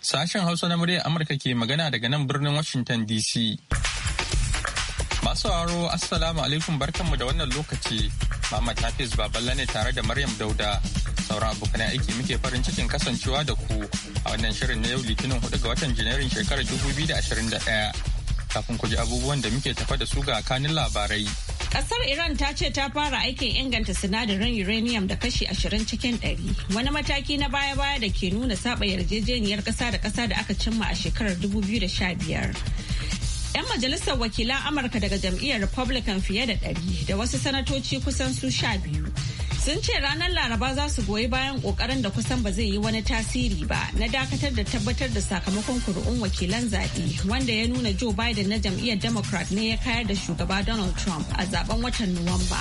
Sashen Hausa na muryar Amurka ke magana daga nan birnin Washington DC. Masu sauraro Assalamu alaikum barkanmu da wannan lokaci. Muhammad Hafiz Baballa ne tare da Maryam Dauda. Sauran abokan aiki muke farin cikin kasancewa da ku a wannan shirin na yau Litinin 4 ga watan Janairun shekarar 2021. kafin ku ji abubuwan da muke tafa da su ga kanin labarai. Kasar Iran ta ce ta fara aikin inganta sinadarin uranium da kashi ashirin cikin ɗari, wani mataki na baya-baya da ke nuna saba yarjejeniyar kasa da kasa da aka cimma a shekarar 2015. 'Yan majalisar wakilan Amurka daga jam'iyyar Republican fiye da ɗari, da wasu sanatoci kusan su sha biyu. sun ce ranar laraba za su goyi bayan kokarin da kusan ba zai yi wani tasiri ba na dakatar da tabbatar da sakamakon kuri'un wakilan zaɓe wanda ya nuna joe biden na jam'iyyar democrat ne ya kayar da shugaba donald trump a zaben watan nuwamba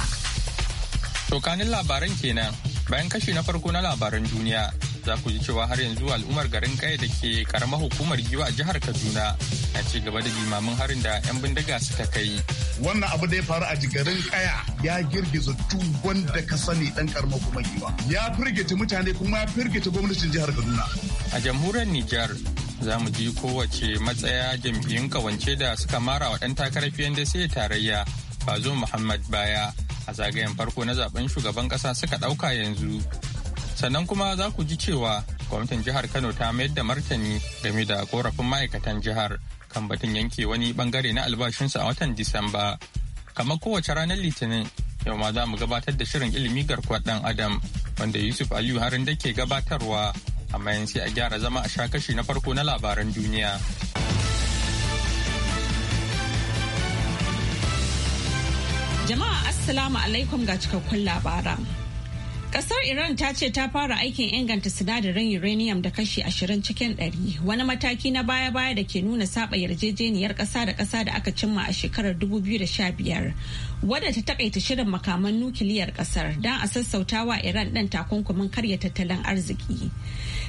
tokanin labaran kenan bayan kashi na farko na labaran duniya za ku ji cewa har yanzu al'ummar garin kaya da ke karamar hukumar giwa a jihar kaduna na ci gaba da limamin harin da 'yan bindiga suka kai wannan abu da ya faru a garin kaya ya girgiza duk da ka sani dan karamar hukumar giwa ya firgita mutane kuma ya firgita gwamnatin jihar kaduna a jamhuriyar Nijar za mu ji kowace matsaya jam'iyyun kawance da suka mara wa ɗan takarar pndc tarayya fazo muhammad baya a zagayen farko na zaben shugaban kasa suka ɗauka yanzu sannan kuma za ku ji cewa gwamnatin jihar kano ta mayar da martani game da korafin ma'aikatan jihar kan batun yanke wani bangare na albashinsu a watan disamba kamar kowace ranar litinin yau ma za mu gabatar da shirin ilimi garkuwar dan adam wanda yusuf aliyu harin da ke gabatarwa amma yin sai a gyara zama a shakashi kashi na farko na labaran duniya jama'a assalamu alaikum ga cikakkun labaran Kasar Iran ta ce ta fara aikin inganta sinadarin uranium da kashi 20 cikin 100 wani mataki na baya-baya da ke nuna saba yarjejeniyar ƙasa da ƙasa da aka cimma a shekarar 2015 wadda ta takaita shirin makaman nukiliyar ƙasar don a sassautawa Iran ɗin takunkumin karya tattalin arziki.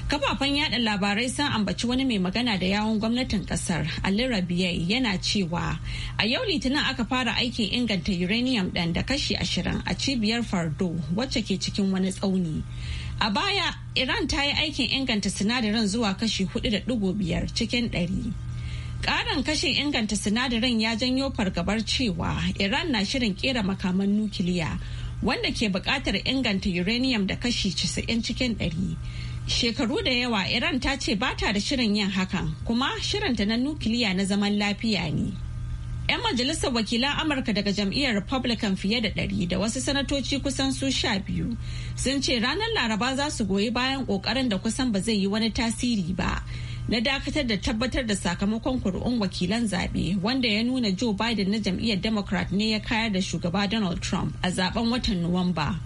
Kafafen yada labarai sun ambaci wani mai magana da yawon gwamnatin kasar Ali Rabiyai yana cewa a yau litinin aka fara aikin inganta uranium ɗan da kashi ashirin a cibiyar Fardo wacce ke cikin wani tsauni. A baya, Iran ta yi aikin inganta sinadarin zuwa kashi hudu da biyar cikin ɗari. Ƙarin kashin inganta sinadarin ya janyo fargabar cewa Iran na shirin kera makaman nukiliya wanda ke buƙatar inganta uranium da kashi 90 cikin ɗari. Shekaru da yawa Iran ta ce ba ta da shirin yin hakan kuma shirinta na nukiliya na zaman lafiya ne. 'Yan majalisar wakilan Amurka daga jam'iyyar Republican fiye da ɗari da wasu sanatoci kusan su sha biyu sun ce ranar Laraba za su goyi bayan ƙoƙarin da kusan ba zai yi wani tasiri ba. Na dakatar da tabbatar da sakamakon kuri'un wakilan zaɓe wanda ya nuna Joe Biden na jam'iyyar Democrat ne ya kayar da shugaba Donald Trump a zaben watan Nuwamba.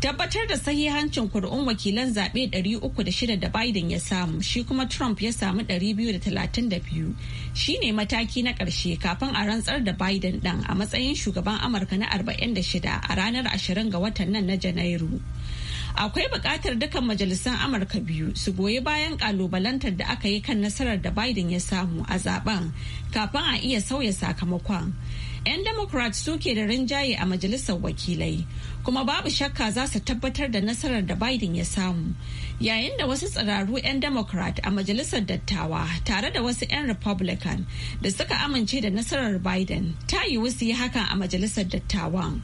tabbatar da sahihancin kuri'un wakilan zaɓe 306 da Biden ya samu shi kuma Trump ya samu 232 shi ne mataki na ƙarshe kafin a rantsar da Biden ɗan a matsayin shugaban Amurka na 46 a ranar 20 ga watan nan na Janairu. Akwai buƙatar dukkan majalisan Amurka biyu su goyi bayan ƙalubalantar da aka yi kan nasarar da Biden ya samu a zaben kafin a iya sauya sakamakon. 'Yan Democrat suke da rinjaye a majalisar wakilai, kuma babu shakka za su tabbatar da nasarar da Biden ya samu. Yayin da wasu tsiraru 'yan Democrat a majalisar dattawa tare da wasu 'yan Republican da suka amince da nasarar Biden ta yiwu su yi hakan a majalisar dattawan.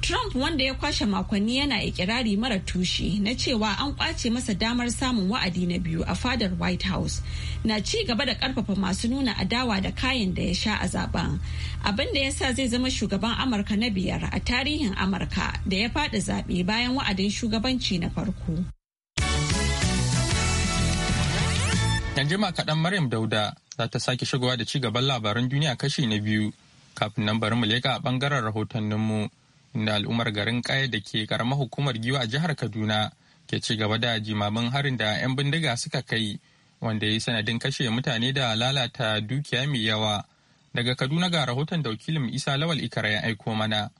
Trump wanda ya kwashe makonni yana ikirari mara tushe na cewa an kwace masa damar samun wa'adi na biyu a fadar White House na ci gaba da karfafa masu nuna adawa da kayan da ya sha a zaben abin da ya sa zai zama shugaban Amurka na biyar a tarihin Amurka da ya faɗi zaɓe bayan wa'adin shugabanci na farko. Yanjima kaɗan Maryam Dauda za ta sake shigowa da ci gaban labaran duniya kashi na biyu kafin nan bari mu leƙa a ɓangaren rahotanninmu. inda al'ummar garin kaya da ke karamar hukumar giwa a jihar kaduna ke ci gaba da jimamin harin da 'yan bindiga suka kai wanda ya yi sanadin kashe mutane da lalata dukiya mai yawa daga kaduna ga rahoton da wakilin isa lawal ikara ya aiko mana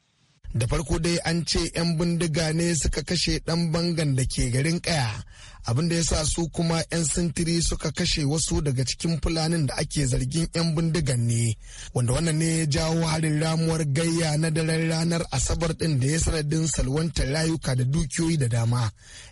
da farko dai an ce 'yan bindiga ne suka kashe dan bangan da ke garin kaya abin da ya sa su kuma 'yan sintiri suka kashe wasu daga cikin fulanin da ake zargin 'yan bindigan ne wanda wannan ne ya jawo harin ramuwar gayya na daren ranar asabar din da ya sanadin salwantar rayuka da dukiyoyi da dama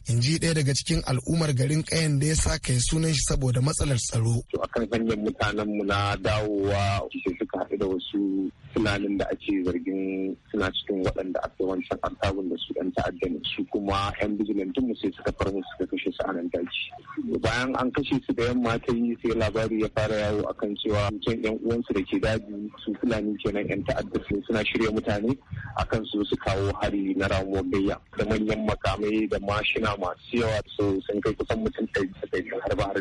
in ji ɗaya daga cikin al'ummar garin kayan da ya sa kai sunan shi saboda matsalar tsaro. akan hanyar mutanen mu na dawowa sai suka haɗu da wasu fulanin da ake zargin suna cikin waɗanda aka wancan da su 'yan ta'adda su kuma 'yan bijilantin mu sai suka far suka kashe su daji bayan an kashe su da yamma ta yi sai labari ya fara yawo akan cewa mutum yan uwansu da ke daji su fulani kenan yan ta'adda suna shirya mutane akan su su kawo hari na ramuwar gayya da manyan makamai da mashina masu yawa su sun kai kusan mutum ɗari da ɗari har ba har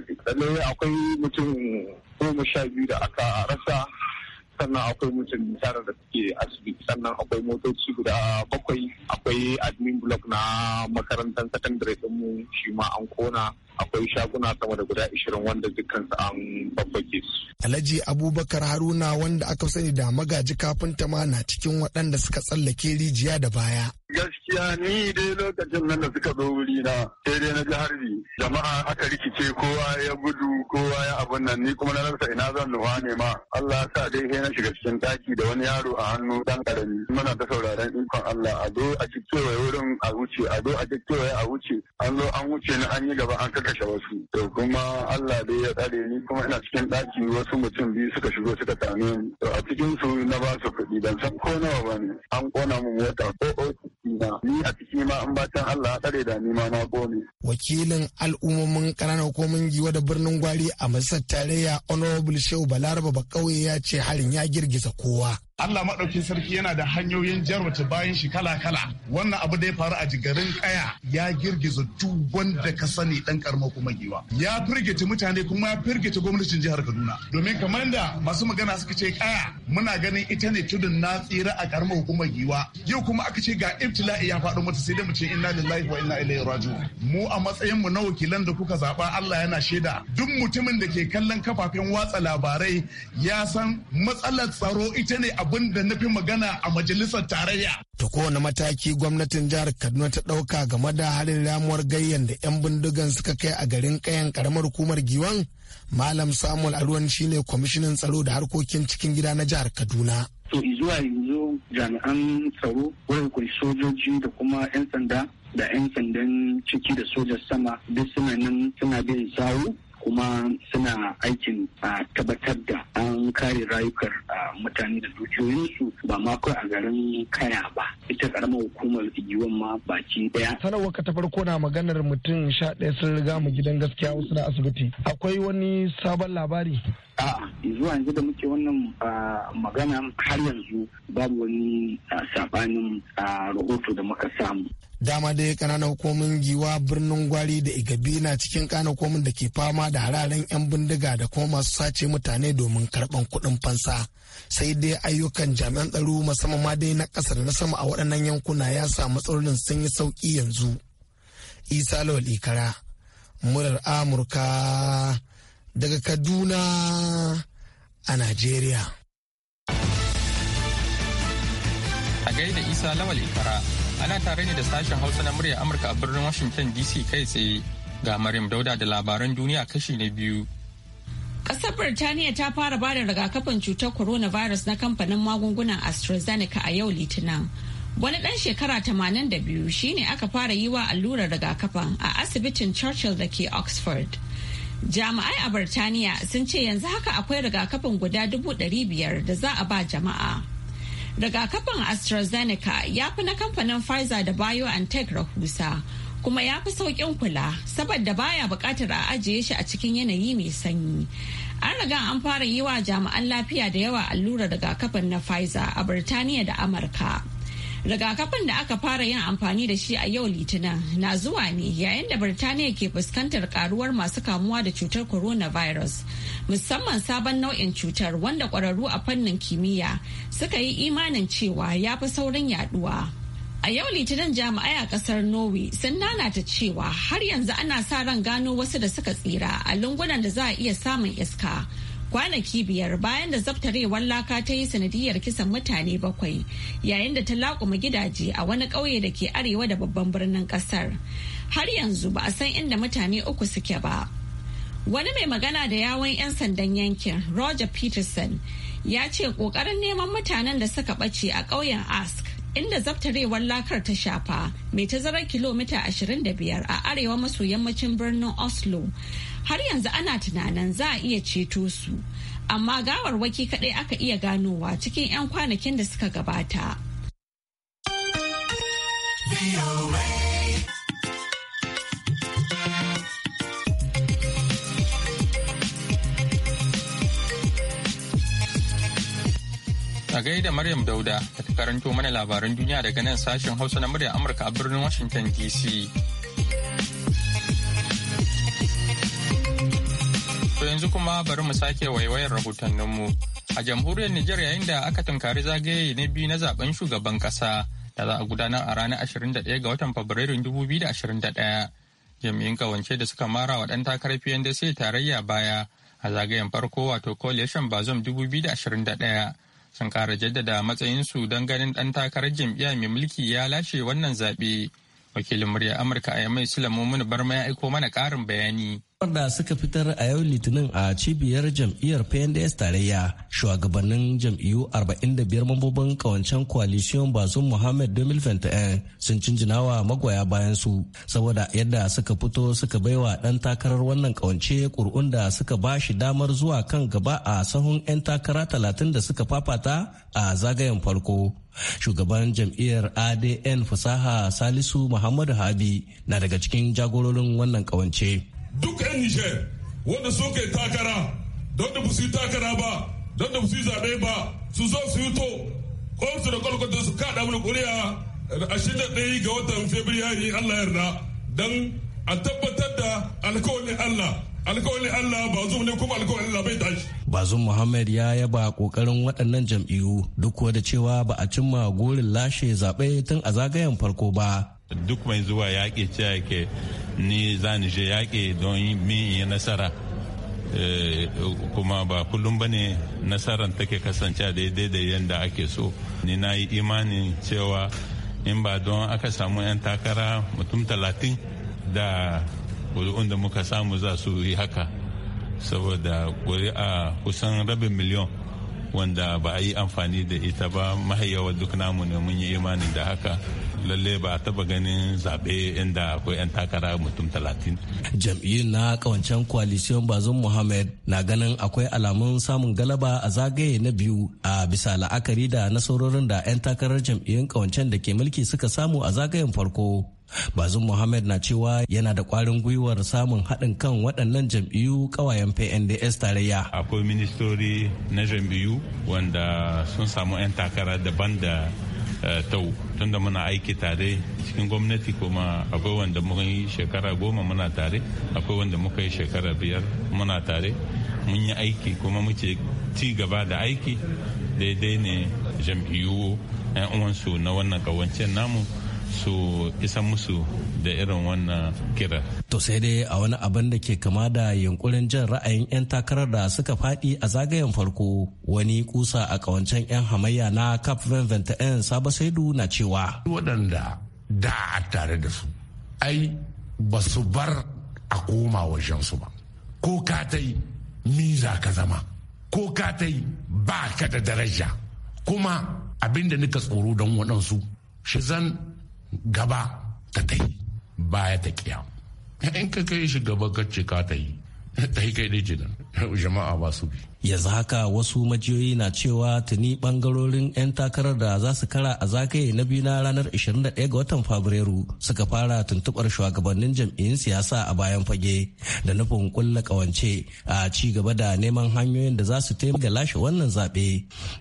da akwai mutum goma sha biyu da aka rasa sannan akwai mutum tara da suke asibiti sannan akwai motoci guda bakwai akwai admin block na makarantar sakandare mu shi ma an kona akwai shaguna sama da guda 20 wanda dukkansu an babbake su. Alhaji Abubakar Haruna wanda aka sani da magaji ta ma na cikin waɗanda suka tsallake rijiya da baya. Gaskiya ni dai lokacin nan da suka zo wuri na sai dai na ji harbi jama'a aka rikice kowa ya gudu kowa ya abun nan ni kuma na rasa ina zan nufa ne ma Allah sa dai sai na shiga cikin daki da wani yaro a hannu dan karami muna ta sauraron ikon Allah a zo a cikkewaye wurin a wuce a zo a cikkewaye a wuce an zo an wuce ni an yi gaba an ka kashe wasu to kuma Allah dai ya tsare ni kuma ina cikin ɗaki wasu mutum biyu suka shigo suka same ni to a cikin su na ba su kuɗi ban san ko nawa ba ne an kona mu mota ko ofis ni a nima in bacin Allah tsare da nima na gone. Wakilin al'ummomin ƙananan hukumomin giwa da birnin gwari a masar tarayya Honorable Shehu Balaraba kauye ya ce harin ya girgiza kowa. Allah maɗaukin sarki yana da hanyoyin jarwata bayan shi kala-kala. Wannan abu da ya faru a jigarin kaya ya girgiza duk wanda ka sani ɗan karma kuma giwa. Ya firgita mutane kuma ya firgita gwamnatin jihar Kaduna. Domin kamar da masu magana suka ce kaya muna ganin ita ne tudun na tsira a karamar hukumar giwa. Yau kuma aka ce ga ibtila'i ya faɗo mata sai dai mu ce inna lillahi wa inna ilaihi raji'un mu a matsayin mu na wakilan da kuka zaba Allah yana shaida duk mutumin da ke kallon kafafen watsa labarai ya san matsalar tsaro ita ne abin da nafi magana a majalisar tarayya ta kowane mataki gwamnatin jihar Kaduna ta dauka game da halin ramuwar gayyan da yan bindigan suka kai a garin kayan karamar hukumar Giwan Malam Samuel Aruwan shine kwamishinan tsaro da harkokin cikin gida na jihar Kaduna. To zuwa jami'an tsaro wanda sojoji da kuma 'yan sanda da 'yan sandan ciki da sojan sama duk suna nan suna bin sawu kuma suna aikin a tabbatar da an kare rayukar mutane da dukiyoyinsu ba ma kawai a garin kaya ba ita karamar hukumar igiwan ma baki daya. sanarwar ka ta farko na maganar mutum sha ɗaya sun riga mu gidan gaskiya wasu na asibiti akwai wani sabon labari a'a zuwa yanzu da muke wannan magana har yanzu babu wani sabanin rahoto da muka samu dama dai kananan hukumomin giwa birnin gwari da igabi na cikin kana hukumomin da ke fama da hararen 'yan bindiga da kuma masu sace mutane domin karban kuɗin fansa sai dai ayyukan jami'an tsaro musamman ma dai na kasar na sama a waɗannan yankuna ya sa matsalolin sun yi sauƙi yanzu isa lawal ikara murar amurka daga kaduna a najeriya a gaida isa lawal ikara Ana tare ne da sashen Hausa na murya Amurka a birnin Washington DC kai tsaye ga Maryam Dauda da labaran duniya kashi na biyu. Ƙasar Birtaniya ta fara bada rigakafin cutar coronavirus na kamfanin magungunan AstraZeneca a yau Litinin. Wani ɗan shekara tamanin da biyu shine aka fara yi wa allurar rigakafin a asibitin Churchill da ke Oxford. Jami'ai a Birtaniya sun ce yanzu haka akwai rigakafin guda dubu biyar da za a ba jama'a. rigakafin AstraZeneca ya fi na kamfanin Pfizer da BioNTech rahusa kuma ya fi sauƙin kula saboda baya buƙatar a ajiye shi a cikin yanayi mai sanyi. An riga an fara yi wa jami'an lafiya da yawa allurar rigakafin na Pfizer a Birtaniya da Amurka. rigakafin da aka fara yin amfani da shi a yau litinin na zuwa ne yayin da birtaniya ke fuskantar karuwar masu kamuwa da cutar coronavirus musamman sabon nau'in cutar wanda kwararru a fannin kimiyya suka yi imanin cewa ya fi saurin yaduwa a yau litinin jami'ai a kasar norway sun nanata cewa har yanzu ana sa ran gano wasu da suka tsira a lungunan da za a iya samun iska kwanaki biyar bayan da zabtarewar laka ta yi sanadiyar kisan mutane bakwai yayin da ta laƙuma gidaje a wani ƙauye da ke arewa da babban birnin ƙasar har yanzu ba a san inda mutane uku suke ba wani mai magana da yawon 'yan sandan yankin roger peterson ya ce ƙoƙarin neman mutanen da suka ɓace a ƙauyen ask inda zabtarewar lakar ta shafa mai tazarar kilomita 25 a arewa maso yammacin birnin oslo har yanzu ana tunanin za a iya ceto su amma gawarwaki kadai aka iya ganowa cikin 'yan kwanakin da suka gabata. A da Maryam Dauda ka ta karanto mana labaran duniya daga nan sashen Hausa na murya Amurka a birnin Washington DC. yanzu kuma bari mu sake waiwayar rahotanninmu a jamhuriyar Nijar yayin da aka tunkari zagaye na biyu na zaben shugaban kasa da za a gudanar a ranar 21 ga watan Fabrairun 2021. Jami'in kawance da suka mara wa ɗan takarar PNDC tarayya baya a zagayen farko wato coalition bazom 2021 sun kara jaddada matsayinsu don ganin ɗan takarar jam'iyya mai mulki ya lashe wannan zaɓe. Wakilin murya Amurka a Yamai Sulaimu Barma ya aiko mana ƙarin bayani. da suka fitar a yau litinin a cibiyar jam'iyyar pnds tarayya shugabannin jam'iyyu 45 mambobin kawancen coalition bazum muhammad 2021 sun cinjinawa magoya bayan su saboda yadda suka fito suka baiwa dan takarar wannan kawance kur'un da suka ba shi damar zuwa kan gaba a sahun 'yan takara 30 da suka fafata a zagayen farko shugaban jam'iyyar adn fasaha salisu muhammadu habi na daga cikin jagororin wannan kawance duk 'yan Nijar wanda ke takara don da su yi takara ba don da su yi zaɓe ba su zo su yi to kwansu da kwalkwata su kaɗa mana ƙuri'a ashirin da ɗaya ga watan Fabrairu Allah yarda don a tabbatar da alkawarin Allah alkawalin Allah ba zuwa ne kuma alkawalin Allah bai tashi. Bazum Muhammad ya yaba kokarin waɗannan jam'iyyu duk da cewa ba a cimma gurin lashe zaɓe tun a zagayen farko ba duk mai zuwa yaƙi ce yake ni za ni je yaƙi don min yi nasara eh, kuma ba kullum ba ne nasarar take kasance daidai da yadda ake so ni na yi imanin cewa in ba don aka samu 'yan takara mutum talatin da ƙuri'un da muka samu za su yi haka saboda a kusan rabin miliyon wanda ba a yi amfani da ita ba mahayawa duk namu ne mun yi imanin da haka lalle ba taba ganin zabe inda akwai 'yan takara mutum talatin. jam'iyyun na kawancen coalition bazum muhammad na ganin akwai alamun samun galaba a zagaye na biyu a bisa la'akari da nasarorin da 'yan takarar jam'iyyun kawancen da ke mulki suka samu a zagayen farko bazum muhammad na cewa yana da kwarin gwiwar samun haɗin kan waɗannan jam'iyyu ƙawayen pnds tarayya akwai ministori na jam'iyyu wanda sun samu 'yan takara daban da Eh, tau tunda muna aiki tare cikin gwamnati kuma akwai wanda muka yi shekara goma muna tare akwai wanda muka yi shekara biyar muna tare mun yi aiki kuma muke ci gaba da aiki daidai ne jam'iyyu 'yan uwansu na wannan kawancen namu su isa musu da irin wannan kira. To sai dai a wani abin da ke kama da yunkurin jin ra'ayin 'yan takarar da suka fadi a zagayen farko wani kusa a kawancen 'yan hamayya na cap 21 sabo saidu na cewa. Waɗanda da a tare da su ai ba su bar a koma wajen su ba. Ko ka ta yi miza ka zama, ko ka ta ba ka da daraja. Kuma abin da nika tsoro don waɗansu, shi zan gaba ta ta yi baya ta kiya in ka kai shi gaba ka ce ka ta yi ta yi kai ne jama'a ba su bi yanzu haka wasu majiyoyi na cewa tuni bangarorin 'yan takarar da za su kara a zagaye na biyu na ranar 21 ga watan fabrairu suka fara tuntubar shugabannin jam'iyyun siyasa a bayan fage da nufin kulla kawance a ci gaba da neman hanyoyin da za su taimaka lashe wannan zaɓe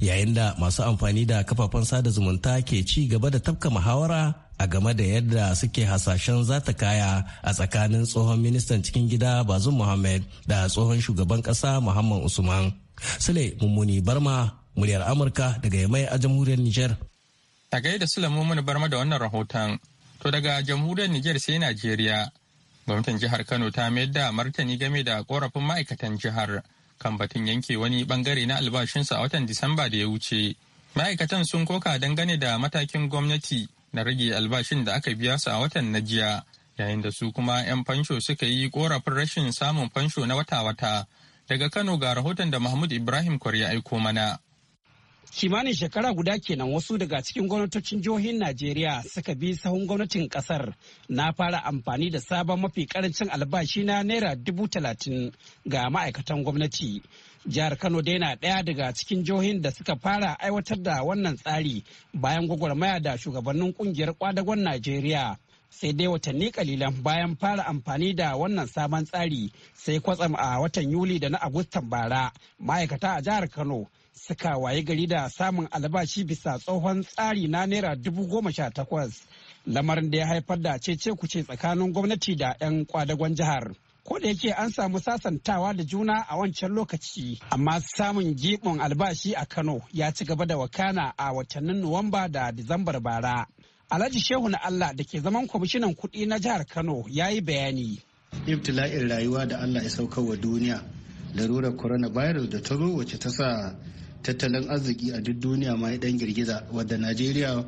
yayin da masu amfani da kafafen sada zumunta ke ci gaba da tafka muhawara a game da yadda suke hasashen zata kaya a tsakanin tsohon ministan cikin gida bazum muhammad da tsohon shugaban kasa muhammad usman sule mummuni barma muryar amurka daga yamai a jamhuriyar niger a gaida sule mummuni barma da wannan rahoton to daga jamhuriyar niger sai najeriya gwamnatin jihar kano ta mayar da martani game da korafin ma'aikatan jihar kan batun yanke wani bangare na albashinsu a watan disamba da ya wuce ma'aikatan sun koka dangane da matakin gwamnati na rage albashin da aka biya su a watan na jiya yayin da su kuma 'yan fansho suka yi korafin rashin samun fansho na wata-wata daga kano ga rahoton da mahmud ibrahim kwari ya aiko mana kimanin shekara guda kenan wasu daga cikin gwamnatocin jihohin najeriya suka bi sahun gwamnatin kasar na fara amfani da sabon mafi karancin albashi na naira dubu talatin ga ma'aikatan gwamnati jihar kano dai na ɗaya daga cikin jihohin da suka fara aiwatar da wannan tsari bayan gwagwarmaya da shugabannin kungiyar kwadagon najeriya sai dai watanni kalilan bayan fara amfani da wannan sabon tsari sai kwatsam a watan yuli da na agustan bara ma'aikata a jihar kano suka waye gari da samun albashi bisa tsohon tsari na naira dubu goma sha takwas lamarin da ya haifar da cece kuce tsakanin gwamnati da 'yan kwadagon jihar. Ko da yake an samu sasantawa da juna a wancan lokaci, amma samun gibin albashi a Kano ya ci gaba da wakana a watannin Nuwamba da Disambar bara. Alhaji Shehu na Allah da ke zaman kwamishinan kuɗi na jihar Kano ya yi bayani. Ibtila'in rayuwa da Allah ya sauka wa duniya, larurar coronavirus da ta zo wacce ta sa tattalin arziki a duk duniya ma ya dan girgiza wadda najeriya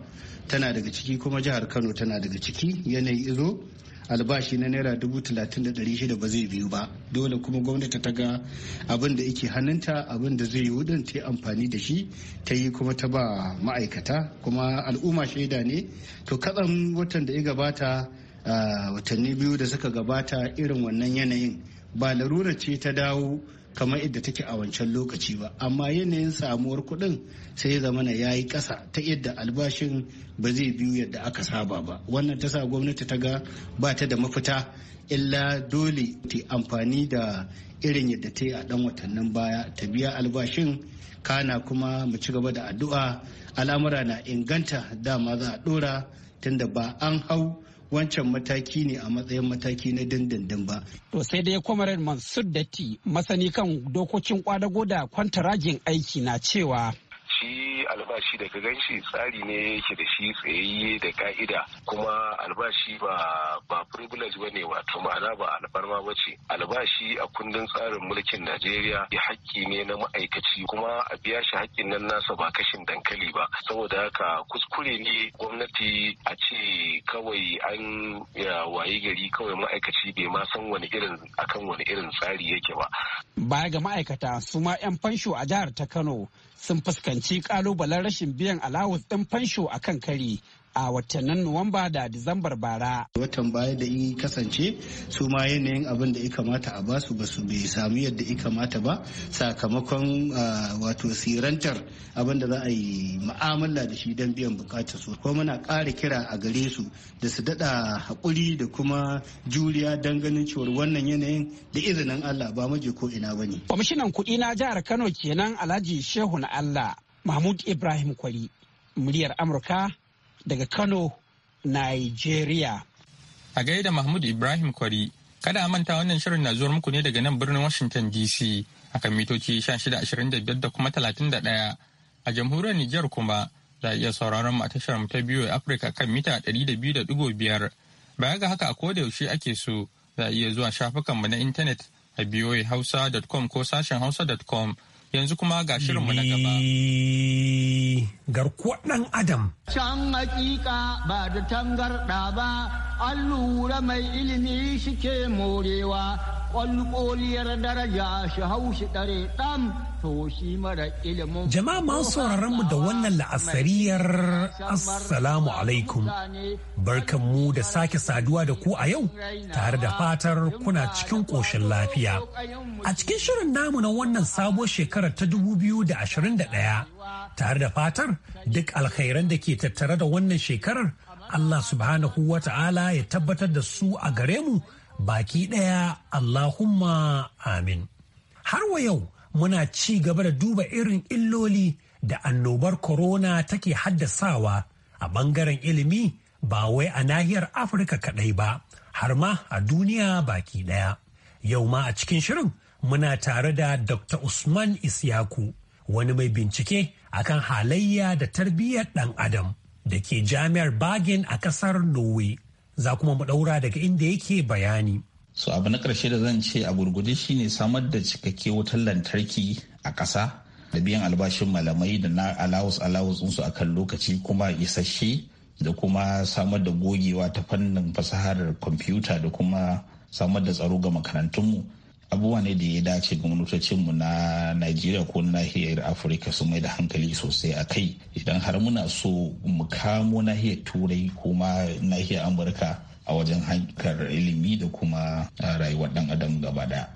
tana daga ciki kuma jihar kano tana daga ciki yanayi izo albashi na naira dubu talatin da dari shida ba zai biyu ba dole kuma gwamnati ta ga abin da ike hannunta abin da zai yiwu din ta amfani da shi ta yi kuma ta ba ma'aikata kuma al'umma shaida ne to kadan watan da ya gabata ah, watanni biyu da suka gabata irin wannan yanayin ba larura ce ta dawo kamar yadda take a wancan lokaci ba amma yanayin samuwar kuɗin sai ya zamana ya yi ƙasa ta yadda albashin ba zai biyu yadda aka saba ba wannan ta sa gwamnati ta ga ba ta da mafita illa dole ta amfani da irin yadda ta yi a ɗan watannin baya ta biya albashin kana kuma mu ci gaba da addu'a al'amura na inganta dama za a ɗora tunda ba an hau wancan mataki ne a matsayin mataki na dindindin ba. To sai dai kwamarin Mansur Datti masani kan dokokin kwadago da kwantarajin aiki na cewa albashi da ganshi tsari ne yake da shi tsayayye da ka'ida kuma albashi ba ba privilege bane wato ma'ana ba alfarma ba ce albashi a kundin tsarin mulkin Najeriya ya haƙƙi ne na ma'aikaci kuma a biya shi haƙƙin nan nasa ba kashin dankali ba saboda haka kuskure ne gwamnati a ce kawai an ya wayi gari kawai ma'aikaci bai ma san wani irin akan wani irin tsari yake ba baya ga ma'aikata su ma 'yan fansho a jihar ta Kano sun fuskanci kalubalen rashin biyan alawus ɗin fansho a kan kari a watannin Nuwamba da Disambar bara. Watan baya da in kasance su ma yanayin abin da ya kamata a basu ba su bai sami yadda ya kamata ba sakamakon wato sirantar abin da za a yi ma'amala da shi don biyan bukatar su. Ko muna ƙara kira a gare su da su daɗa hakuri da kuma juriya don ganin cewar wannan yanayin da izinin Allah ba maje ko ina ba ne. Kwamishinan kuɗi na jihar Kano kenan Alhaji Shehu na Allah Mahmud Ibrahim Kwari. Muryar Amurka daga Kano, Nigeria. A gaida Mahmud Ibrahim Kwari, kada a manta wannan shirin na zuwa muku ne daga nan birnin Washington DC a kan mitoci 1625 da kuma 31 a jamhuriyar Nijar kuma za a iya sauraron mu a tashar mu ta biyu Afirka kan mita 200.5 baya ga haka a koda yaushe ake so za a iya zuwa shafukanmu na intanet a hausa.com ko sashen hausa.com yanzu kuma ga shirinmu na gaba. Garkuwar ɗan Adam. Can hakika ba da tangarɗa ba, an lura mai ilimi shike morewa kwalkoliyar daraja shi haushi ɗare ɗan to shi mara ilimin. Jama'a masu sauraron mu da wannan la'asariyar Assalamu alaikum. Barkan mu da sake saduwa da ku a yau tare da fatar kuna cikin ƙoshin lafiya. A cikin shirin namu na wannan sabuwar shekarar ta 2021 tare da fatar duk alkhairan da ke tattare da wannan shekarar Allah subhanahu wa ta'ala ya tabbatar da su a gare mu baki ɗaya Allahumma amin. Har wa yau muna ci gaba da duba irin illoli da annobar corona take haddasawa a ɓangaren ilimi ba wai a nahiyar Afirka kaɗai ba, har ma a duniya baki ɗaya. Yau ma a cikin shirin muna tare da Dr. Usman Isyaku, wani mai bincike akan halayya da tarbiyyar ɗan Adam da ke jami'ar Bagin a ƙasar Norway. za kuma mu ɗaura daga inda yake bayani. So abu na ƙarshe da zan ce a gurguje shine samar da cikakke wutar lantarki a ƙasa da biyan albashin malamai da na alawus alawus ɗinsu a kan lokaci kuma isasshe da kuma samar da gogewa ta fannin fasahar kwamfuta da kuma samar da tsaro ga makarantunmu abubuwa ne da ya dace gwamnatocinmu na najeriya ko na nahiyar afirka su mai da hankali sosai a kai idan har muna so mu kamo nahiyar turai kuma nahiyar amurka a wajen hankar ilimi da kuma rayuwar dan adam gaba daya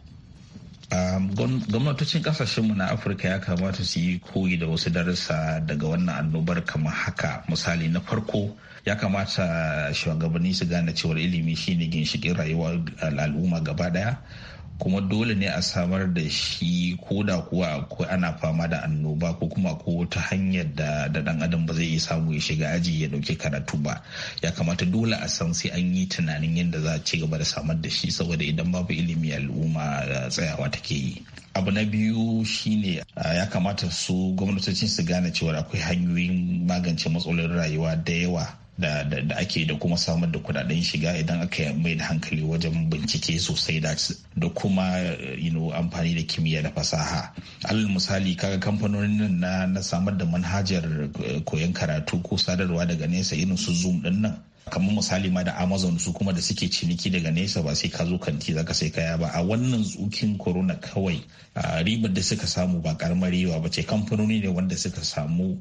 gwamnatocin kasashenmu na afirka ya kamata su yi koyi da wasu darasa daga wannan annobar kamar haka misali na farko ya kamata shugabanni su gane cewar ilimi shine ginshikin rayuwar al'umma gaba daya kuma dole ne a samar da shi ko da kuwa akwai ana fama da annoba ko kuma ko ta hanyar da da dan adam ba zai iya samu ya shiga aji ya dauke karatu ba ya kamata dole a san sai an yi tunanin yadda za a ci gaba da samar da shi saboda idan babu ilimi al'umma eh, tsayawa take yi abu na biyu shine eh, ya kamata su gwamnatocin su gane cewa akwai hanyoyin magance matsalolin rayuwa da yawa da, da, ake da kuma samar da kudaden shiga idan aka mai da hankali wajen bincike sosai da, da kuma amfani da kimiyya da fasaha alal misali kaga kamfanonin na, na samar da manhajar koyon karatu ko sadarwa daga nesa irin su zoom din nan kamar misali ma da amazon su kuma da suke ciniki daga nesa ba sai ka zo kanti zaka sai kaya ba a wannan tsukin corona kawai ribar da suka samu ba karamar riba ba ce kamfanoni ne wanda suka samu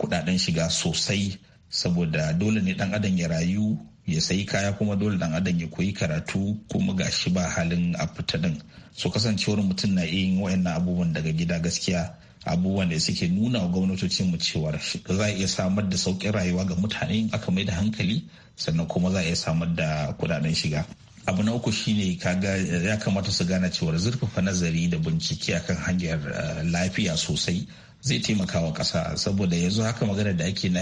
kudaden shiga sosai saboda dole ne dan adam ya rayu ya sayi kaya kuma dole dan adam ya koyi karatu kuma ga shi ba halin a fita din so kasancewar mutum na iya yin wayannan abubuwan daga gida gaskiya abubuwan da suke nuna wa gwamnatocin mu cewar za a iya samar da saukin rayuwa ga mutane aka mai da hankali sannan kuma za a iya samar da kudaden shiga abu na uku shine kaga ya kamata su gane cewar zurfafa nazari da bincike akan hanyar eh, lafiya sosai zai taimaka wa ƙasa saboda yanzu haka magana da ake na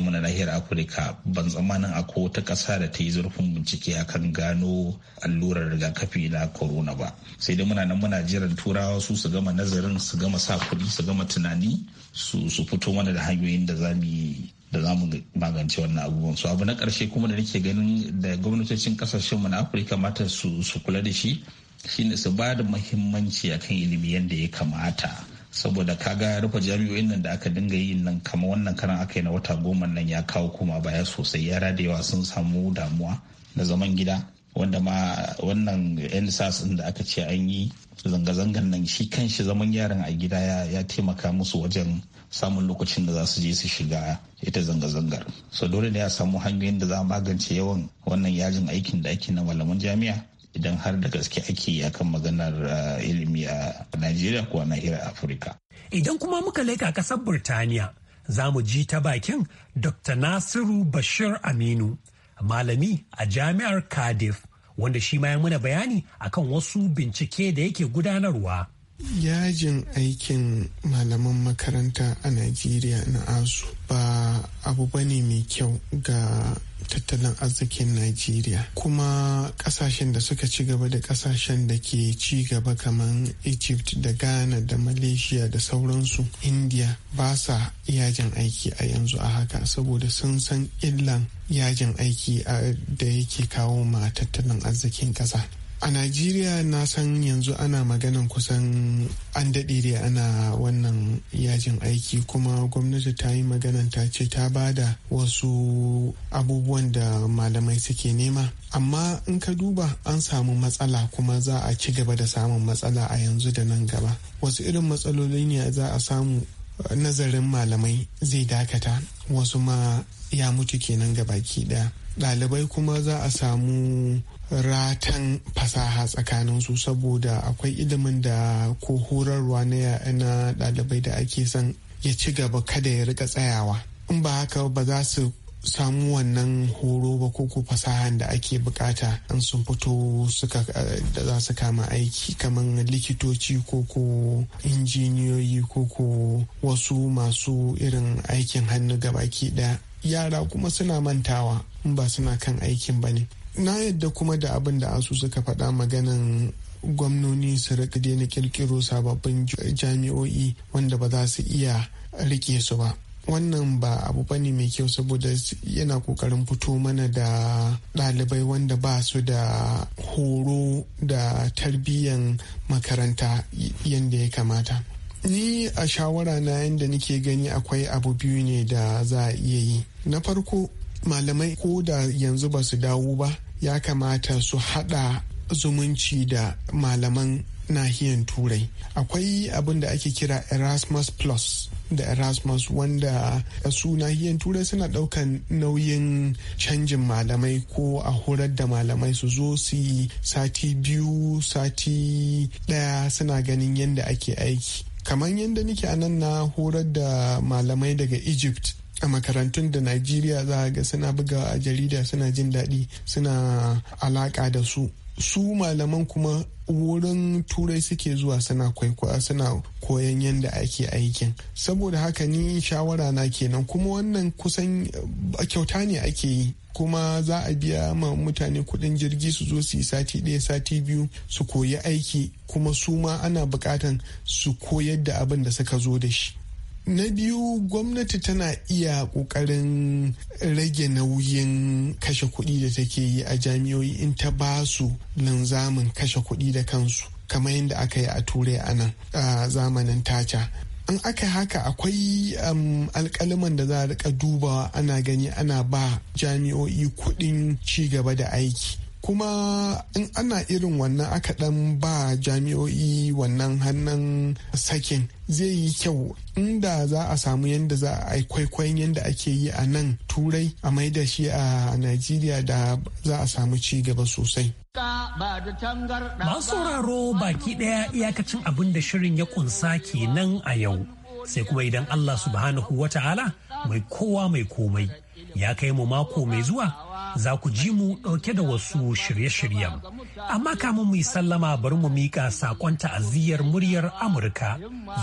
mu na nahiyar afirka ban tsammanin akwai wata kasa da ta yi zurfin bincike akan gano allurar rigakafi na corona ba sai dai muna nan muna jiran turawa su su gama nazarin su gama sa kuɗi su gama tunani su su fito mana da hanyoyin da za mu da za mu magance wannan abubuwan su abu na ƙarshe kuma da nake ganin da gwamnatocin mu na afirka mata su kula da shi shine su ba da muhimmanci akan ilimi yadda ya kamata saboda ka kaga rufe jami'o'in nan da aka dinga yin nan kama wannan karan aka yi na wata goma nan ya kawo kuma baya sosai yara da yawa sun samu damuwa na zaman gida wanda ma wannan yan sas da aka ce an yi zanga-zangan nan shi kan shi zaman yaran a gida ya taimaka musu wajen samun lokacin da za su je su shiga ita zanga-zangar so dole ne a samu hanyoyin da za a magance yawan wannan yajin aikin da ake na malaman jami'a idan har da gaske ake yi akan maganar eh, ilimi a najeriya ko a nahiyar afirka idan kuma muka leka kasar burtaniya za mu ji ta bakin dr nasiru bashir aminu malami a jami'ar cardiff wanda shi ma ya muna bayani akan wasu bincike da yake gudanarwa yajin aikin malaman makaranta a najeriya na asu ba abu bane mai kyau ga tattalin arzikin Najeriya. Kuma kasashen da suka ci gaba da kasashen da ke ci gaba kamar Egypt da Ghana da Malaysia da sauransu India ba sa yajin aiki a yanzu a haka saboda sun san illan yajin aiki da yake kawo ma tattalin arzikin ƙasa. a najeriya na san yanzu ana maganan kusan an daɗe da ana wannan yajin aiki kuma gwamnati ta yi maganan ta ce ta ba da wasu abubuwan da malamai suke nema amma in ka duba an samu matsala kuma za a ci gaba da samun matsala a yanzu da nan gaba wasu irin matsaloli ne za a samu nazarin malamai zai dakata wasu ma ya mutu kenan gabaki daya ɗalibai kuma za a samu ratan fasaha tsakanin su saboda akwai ilimin da ko horarwa na ɗalibai da ake son ya ci gaba kada ya rika tsayawa in ba haka ba za su samu wannan horo ba ko fasahan da ake bukata in sun fito suka da za su kama aiki kamar likitoci ko ko injiniyoyi ko ko wasu masu irin aikin hannu gabaki daya yara kuma suna mantawa in ba suna kan aikin ba ne na yadda kuma da abin da asu suka faɗa maganan gwamnoni su rika daina kirkiro sababbin jami'o'i wanda ba za su iya rike su ba wannan ba abu ba ne mai kyau saboda yana kokarin fito mana da ɗalibai wanda ba su da horo da tarbiyyan makaranta yadda ya kamata ni a shawara na yadda nake gani akwai abu biyu ne da za a iya yi na farko malamai ko da yanzu ba su dawo ba ya kamata su hada zumunci da malaman nahiyan turai akwai abin da ake kira erasmus plus da erasmus wanda su nahiyan turai suna daukan nauyin canjin malamai ko a horar da malamai su zo su sati biyu sati daya suna ganin yadda ake aiki kamar yadda nake anan na horar da malamai daga egypt a makarantun da najeriya za ga suna buga a jarida suna jin daɗi suna alaƙa da su su malaman kuma wurin turai suke zuwa suna kwaikwaya suna koyan yadda ake aikin saboda haka ni shawara na kenan kuma wannan kusan kyauta ne ake yi kuma za a biya ma mutane kudin jirgi su zo su yi sati ɗaya sati biyu su koyi aiki kuma su ma ana bukatan su koyar da abin da suka zo da shi na biyu gwamnati tana iya kokarin rage nauyin kashe kuɗi da take yi a jami'oi in ta ba su linzamin kashe kuɗi da kansu kamar yadda aka yi a turai a nan a zamanin taca an aka haka akwai um, alkaliman da za a rika dubawa ana gani ana ba jami'o'i kuɗin ci gaba da aiki kuma in ana irin wannan aka dan ba jami'o'i wannan hannun sakin zai yi kyau inda za a samu yadda za a kwaikwayon yadda ake yi a nan turai a maida shi a najeriya da za a samu ci gaba sosai masu sauraro baki daya iyakacin abin da shirin ya kunsa kenan a yau sai kuma idan allah subhanahu wa. ta'ala mai kowa mai komai ya kai mu mako mai zuwa za ku ji mu ɗauke da wasu shirye-shiryen. Amma kamun mu yi sallama bari mu miƙa saƙon ta'aziyyar muryar Amurka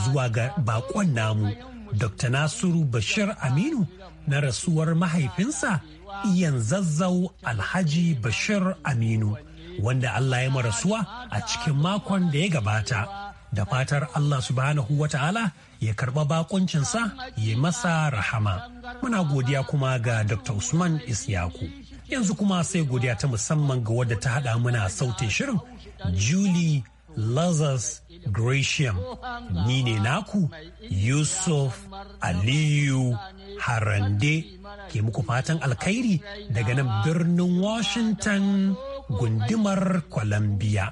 zuwa ga baƙon namu, Dr. Nasiru Bashir Aminu na rasuwar mahaifinsa iyan zazzau Alhaji Bashir Aminu, wanda Allah ya marasuwa a cikin makon da ya gabata. Da fatar Allah subhanahu wa ta'ala ya karɓa bakuncinsa ya masa rahama. Muna godiya kuma ga Dr. Usman Isyaku. Yanzu kuma sai godiya ta musamman ga wadda ta haɗa mana sautin shirin Julie Lazarus Gratiam. Ni ne naku Yusuf Aliyu Harande ke muku fatan alkhairi daga nan birnin Washington gundumar Columbia.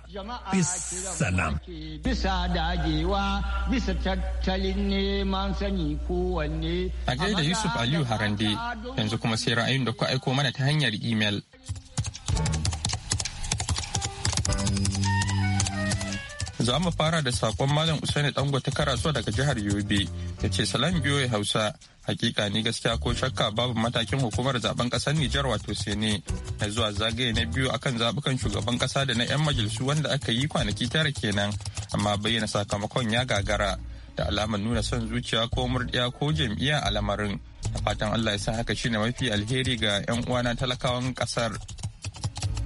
salam. Bisa dagewa bisa tattalin neman sani kowanne. A gaida Yusuf Aliyu Harande yanzu kuma sai ra'ayin da ku aiko mana ta hanyar imel. za mu fara da sakon malam usaini dango ta karasuwa daga jihar yobe ya ce salam biyoyi hausa hakika ni gaskiya ko shakka babu matakin hukumar zaben kasar nijar wato sene na zuwa zagaye na biyu akan zabukan shugaban kasa da na 'yan majalisu wanda aka yi kwanaki tara kenan amma bayyana sakamakon ya gagara da alamar nuna son zuciya ko murdiya ko jam'iyya a lamarin fatan allah ya sa haka shine mafi alheri ga 'yan uwana talakawan kasar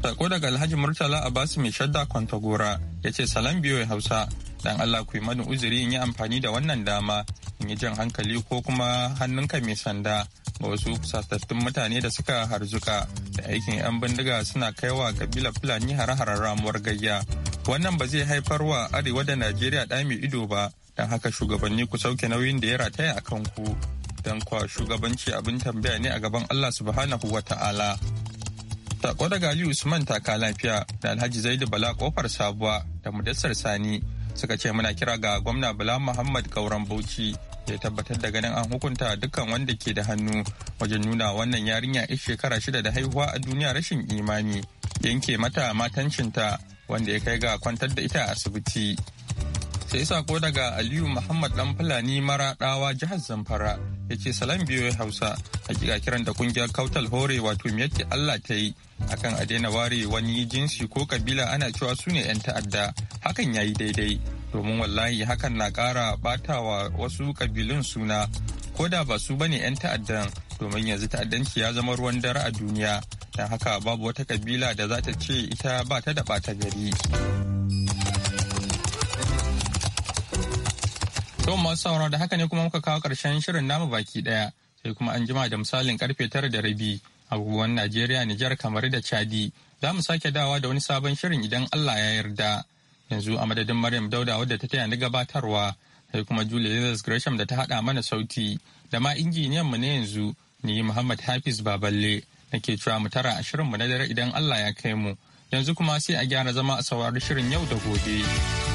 Sako daga Alhaji Murtala a basu mai shadda Kwantagora ya ce salam biyo Hausa dan Allah ku yi mani uzuri in yi amfani da wannan dama in yi jan hankali ko kuma hannunka mai sanda ga wasu kusatattun mutane da suka harzuka da aikin 'yan bindiga suna kaiwa kabila Fulani hare harar ramuwar gayya. Wannan ba zai haifar wa arewa da Najeriya ɗaya mai ido ba don haka shugabanni ku sauke nauyin da ya rataya a kanku. Don kwa shugabanci abin tambaya ne a gaban Allah subhanahu wa ta'ala. Sako daga Aliyu Usman taka lafiya da Alhaji Zaidu Bala kofar sabuwa da Mudassar Sani suka ce muna kira ga gwamna Bala Muhammad Gauran Bauchi ya tabbatar da ganin an hukunta dukkan wanda ke da hannu wajen nuna wannan yarinya 'yar shekara shida da haihuwa a duniya rashin imani yanke mata matancinta wanda ya kai ga kwantar da ita a asibiti. Sai sako daga Aliyu Muhammad Dan Fulani Maraɗawa jihar Zamfara ya ce salam biyu hausa hakika kiran da kungiyar kautal hore wato miyatti allah ta yi akan a daina ware wani jinsi ko kabila ana cewa su ne 'yan ta'adda hakan ya yi daidai domin wallahi hakan na kara batawa wasu kabilun suna ko da ba su bane 'yan ta'addan domin yanzu ta'addanci ya zama ruwan dare a duniya don haka babu wata kabila da za ta ce ita ba ta da bata gari. To masu sauraro da haka ne kuma muka kawo ƙarshen shirin namu baki ɗaya sai kuma an jima da misalin karfe tara da rabi abubuwan Najeriya Nijar kamar da Chadi za mu sake dawa da wani sabon shirin idan Allah ya yarda. Yanzu a madadin Maryam Dauda wadda ta taya ni gabatarwa sai kuma Julia Jesus Gresham da ta haɗa mana sauti da ma injiniyan mu ne yanzu ni Muhammad Hafiz Baballe nake cewa mu tara a shirin mu na dare idan Allah ya kai mu. Yanzu kuma sai a gyara zama a saurari shirin yau da gobe.